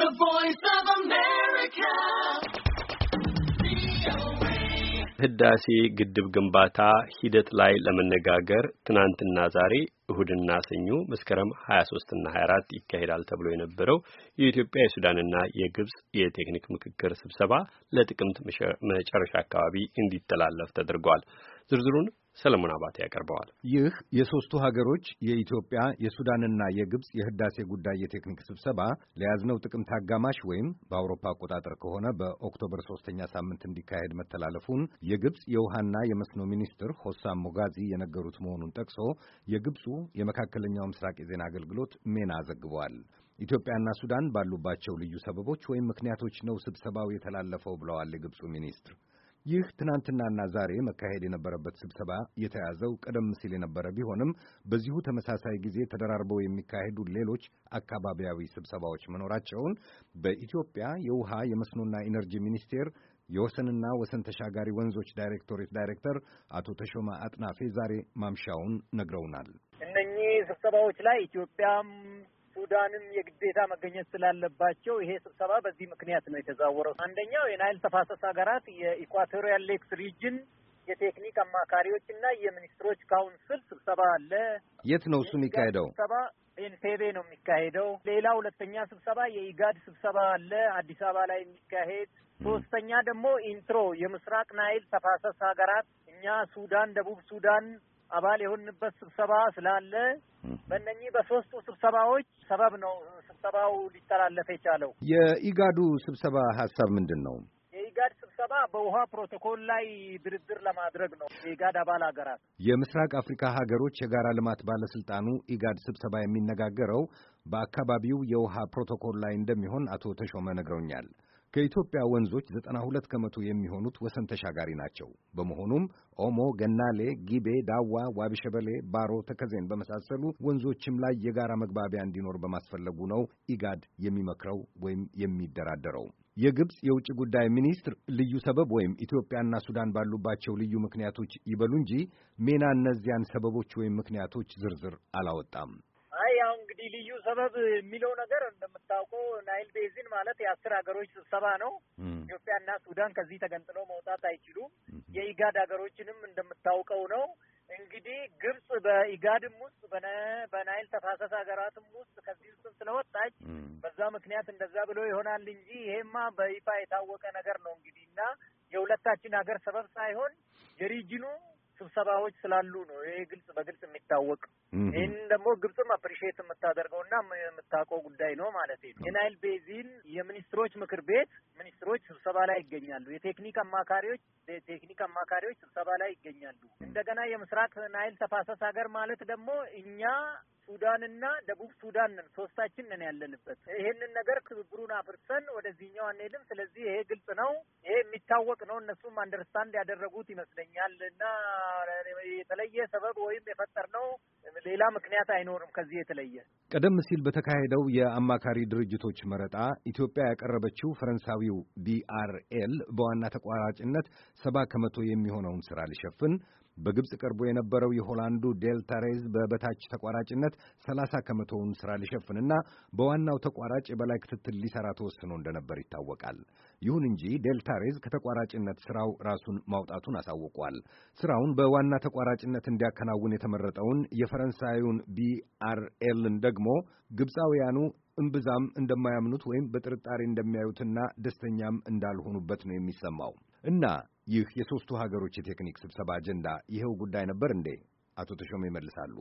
The Voice of America. ህዳሴ ግድብ ግንባታ ሂደት ላይ ለመነጋገር ትናንትና ዛሬ እሁድና ሰኞ መስከረም 23 እና 24 ይካሄዳል ተብሎ የነበረው የኢትዮጵያ የሱዳንና የግብጽ የቴክኒክ ምክክር ስብሰባ ለጥቅምት መጨረሻ አካባቢ እንዲተላለፍ ተደርጓል። ዝርዝሩን ሰለሞን አባቴ ያቀርበዋል። ይህ የሦስቱ ሀገሮች የኢትዮጵያ የሱዳንና የግብፅ የህዳሴ ጉዳይ የቴክኒክ ስብሰባ ለያዝነው ጥቅምት አጋማሽ ወይም በአውሮፓ አቆጣጠር ከሆነ በኦክቶበር ሶስተኛ ሳምንት እንዲካሄድ መተላለፉን የግብፅ የውሃና የመስኖ ሚኒስትር ሆሳም ሞጋዚ የነገሩት መሆኑን ጠቅሶ የግብፁ የመካከለኛው ምስራቅ የዜና አገልግሎት ሜና ዘግቧል። ኢትዮጵያና ሱዳን ባሉባቸው ልዩ ሰበቦች ወይም ምክንያቶች ነው ስብሰባው የተላለፈው ብለዋል የግብፁ ሚኒስትር ይህ ትናንትናና ዛሬ መካሄድ የነበረበት ስብሰባ የተያዘው ቀደም ሲል የነበረ ቢሆንም በዚሁ ተመሳሳይ ጊዜ ተደራርበው የሚካሄዱ ሌሎች አካባቢያዊ ስብሰባዎች መኖራቸውን በኢትዮጵያ የውሃ የመስኖና ኢነርጂ ሚኒስቴር የወሰንና ወሰን ተሻጋሪ ወንዞች ዳይሬክቶሬት ዳይሬክተር አቶ ተሾማ አጥናፌ ዛሬ ማምሻውን ነግረውናል። እነኚህ ስብሰባዎች ላይ ኢትዮጵያም ሱዳንም የግዴታ መገኘት ስላለባቸው ይሄ ስብሰባ በዚህ ምክንያት ነው የተዛወረው። አንደኛው የናይል ተፋሰስ ሀገራት የኢኳቶሪያል ሌክስ ሪጅን የቴክኒክ አማካሪዎች እና የሚኒስትሮች ካውንስል ስብሰባ አለ። የት ነው እሱ የሚካሄደው? ስብሰባ ኤንቴቤ ነው የሚካሄደው። ሌላ ሁለተኛ ስብሰባ የኢጋድ ስብሰባ አለ አዲስ አበባ ላይ የሚካሄድ። ሶስተኛ ደግሞ ኢንትሮ የምስራቅ ናይል ተፋሰስ ሀገራት እኛ ሱዳን፣ ደቡብ ሱዳን አባል የሆንበት ስብሰባ ስላለ በእነኚህ በሶስቱ ስብሰባዎች ሰበብ ነው ስብሰባው ሊተላለፍ የቻለው። የኢጋዱ ስብሰባ ሀሳብ ምንድን ነው? የኢጋድ ስብሰባ በውሃ ፕሮቶኮል ላይ ድርድር ለማድረግ ነው። የኢጋድ አባል ሀገራት የምስራቅ አፍሪካ ሀገሮች የጋራ ልማት ባለስልጣኑ ኢጋድ ስብሰባ የሚነጋገረው በአካባቢው የውሃ ፕሮቶኮል ላይ እንደሚሆን አቶ ተሾመ ነግረውኛል። ከኢትዮጵያ ወንዞች ዘጠና ሁለት ከመቶ የሚሆኑት ወሰን ተሻጋሪ ናቸው። በመሆኑም ኦሞ፣ ገናሌ፣ ጊቤ፣ ዳዋ፣ ዋቢሸበሌ፣ ባሮ፣ ተከዜን በመሳሰሉ ወንዞችም ላይ የጋራ መግባቢያ እንዲኖር በማስፈለጉ ነው ኢጋድ የሚመክረው ወይም የሚደራደረው። የግብፅ የውጭ ጉዳይ ሚኒስትር ልዩ ሰበብ ወይም ኢትዮጵያና ሱዳን ባሉባቸው ልዩ ምክንያቶች ይበሉ እንጂ ሜና እነዚያን ሰበቦች ወይም ምክንያቶች ዝርዝር አላወጣም። ያው እንግዲህ ልዩ ሰበብ የሚለው ነገር እንደምታውቀው ናይል ቤዚን ማለት የአስር ሀገሮች ስብሰባ ነው። ኢትዮጵያና ሱዳን ከዚህ ተገንጥለው መውጣት አይችሉም። የኢጋድ ሀገሮችንም እንደምታውቀው ነው። እንግዲህ ግብጽ በኢጋድም ውስጥ በናይል ተፋሰስ ሀገራትም ውስጥ ከዚህ ውስጥም ስለወጣች በዛ ምክንያት እንደዛ ብሎ ይሆናል እንጂ ይሄማ በይፋ የታወቀ ነገር ነው እንግዲህ እና የሁለታችን ሀገር ሰበብ ሳይሆን የሪጅኑ ስብሰባዎች ስላሉ ነው። ይሄ ግልጽ በግልጽ የሚታወቅ ይህን ደግሞ ግብፅም አፕሪሺየት የምታደርገውና የምታውቀው ጉዳይ ነው ማለት ነው። የናይል ቤዚን የሚኒስትሮች ምክር ቤት ሚኒስትሮች ስብሰባ ላይ ይገኛሉ። የቴክኒክ አማካሪዎች የቴክኒክ አማካሪዎች ስብሰባ ላይ ይገኛሉ። እንደገና የምስራቅ ናይል ተፋሰስ ሀገር ማለት ደግሞ እኛ ሱዳንና ደቡብ ሱዳን ነን፣ ሶስታችን ነን ያለንበት። ይሄንን ነገር ትብብሩን አፍርሰን ወደዚህኛው አንሄድም። ስለዚህ ይሄ ግልጽ ነው፣ ይሄ የሚታወቅ ነው። እነሱም አንደርስታንድ ያደረጉት ይመስለኛል። እና የተለየ ሰበብ ወይም የፈጠር ነው። ሌላ ምክንያት አይኖርም ከዚህ የተለየ። ቀደም ሲል በተካሄደው የአማካሪ ድርጅቶች መረጣ ኢትዮጵያ ያቀረበችው ፈረንሳዊው ቢአርኤል በዋና ተቋራጭነት ሰባ ከመቶ የሚሆነውን ስራ ሊሸፍን በግብፅ ቀርቦ የነበረው የሆላንዱ ዴልታ በበታች ተቋራጭነት 30 ከመቶውን ሥራ ሊሸፍንና በዋናው ተቋራጭ የበላይ ክትትል ሊሠራ ተወስኖ እንደነበር ይታወቃል። ይሁን እንጂ ዴልታ ከተቋራጭነት ሥራው ራሱን ማውጣቱን አሳውቋል። ሥራውን በዋና ተቋራጭነት እንዲያከናውን የተመረጠውን የፈረንሳዩን ቢአርኤልን ደግሞ ግብፃውያኑ እምብዛም እንደማያምኑት ወይም በጥርጣሬ እንደሚያዩትና ደስተኛም እንዳልሆኑበት ነው የሚሰማው እና ይህ የሶስቱ ሀገሮች የቴክኒክ ስብሰባ አጀንዳ ይኸው ጉዳይ ነበር እንዴ? አቶ ተሾም ይመልሳሉ።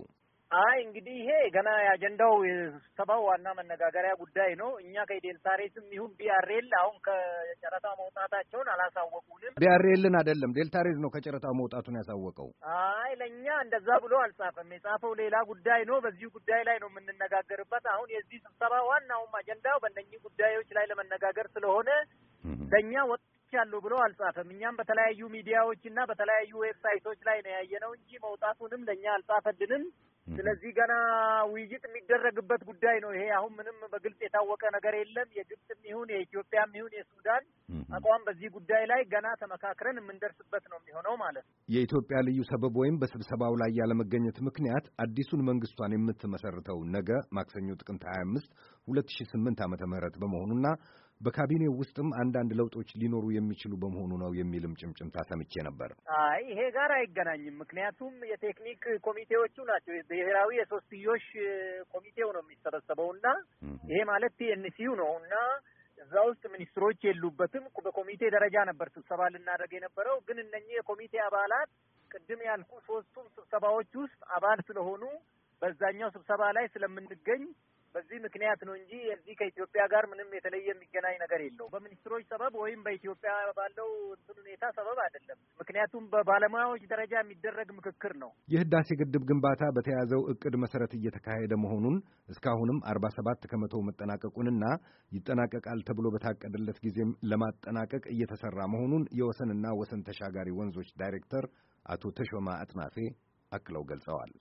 አይ እንግዲህ ይሄ ገና የአጀንዳው የስብሰባው ዋና መነጋገሪያ ጉዳይ ነው። እኛ ከዴልታሬስም ይሁን ቢያሬል አሁን ከጨረታ መውጣታቸውን አላሳወቁንም። ቢያሬልን አይደለም ዴልታሬዝ ነው ከጨረታ መውጣቱን ያሳወቀው። አይ ለእኛ እንደዛ ብሎ አልጻፈም። የጻፈው ሌላ ጉዳይ ነው። በዚሁ ጉዳይ ላይ ነው የምንነጋገርበት። አሁን የዚህ ስብሰባ ዋናውም አጀንዳው በእነኚህ ጉዳዮች ላይ ለመነጋገር ስለሆነ ለእኛ ወጥ ወጥቻለሁ ብሎ አልጻፈም። እኛም በተለያዩ ሚዲያዎች እና በተለያዩ ዌብሳይቶች ላይ ነው ያየነው እንጂ መውጣቱንም ለእኛ አልጻፈልንም። ስለዚህ ገና ውይይት የሚደረግበት ጉዳይ ነው ይሄ። አሁን ምንም በግልጽ የታወቀ ነገር የለም። የግብፅም ይሁን የኢትዮጵያም ይሁን የሱዳን አቋም በዚህ ጉዳይ ላይ ገና ተመካክረን የምንደርስበት ነው የሚሆነው ማለት ነው። የኢትዮጵያ ልዩ ሰበብ ወይም በስብሰባው ላይ ያለመገኘት ምክንያት አዲሱን መንግስቷን የምትመሰርተው ነገ ማክሰኞ ጥቅምት ሺ ስምንት ዓ ምህረት በመሆኑና በካቢኔው ውስጥም አንዳንድ ለውጦች ሊኖሩ የሚችሉ በመሆኑ ነው የሚልም ጭምጭምታ ሰምቼ ነበር። አይ ይሄ ጋር አይገናኝም። ምክንያቱም የቴክኒክ ኮሚቴዎቹ ናቸው። ብሔራዊ የሶስትዮሽ ኮሚቴው ነው የሚሰበሰበው እና ይሄ ማለት ቲኤንሲዩ ነው እና እዛ ውስጥ ሚኒስትሮች የሉበትም። በኮሚቴ ደረጃ ነበር ስብሰባ ልናደርግ የነበረው። ግን እነኚህ የኮሚቴ አባላት ቅድም ያልኩ ሶስቱም ስብሰባዎች ውስጥ አባል ስለሆኑ በዛኛው ስብሰባ ላይ ስለምንገኝ በዚህ ምክንያት ነው እንጂ እዚህ ከኢትዮጵያ ጋር ምንም የተለየ የሚገናኝ ነገር የለው። በሚኒስትሮች ሰበብ ወይም በኢትዮጵያ ባለው እንትን ሁኔታ ሰበብ አይደለም። ምክንያቱም በባለሙያዎች ደረጃ የሚደረግ ምክክር ነው። የህዳሴ ግድብ ግንባታ በተያዘው እቅድ መሰረት እየተካሄደ መሆኑን እስካሁንም አርባ ሰባት ከመቶ መጠናቀቁንና ይጠናቀቃል ተብሎ በታቀደለት ጊዜም ለማጠናቀቅ እየተሰራ መሆኑን የወሰንና ወሰን ተሻጋሪ ወንዞች ዳይሬክተር አቶ ተሾማ አጥናፌ አክለው ገልጸዋል።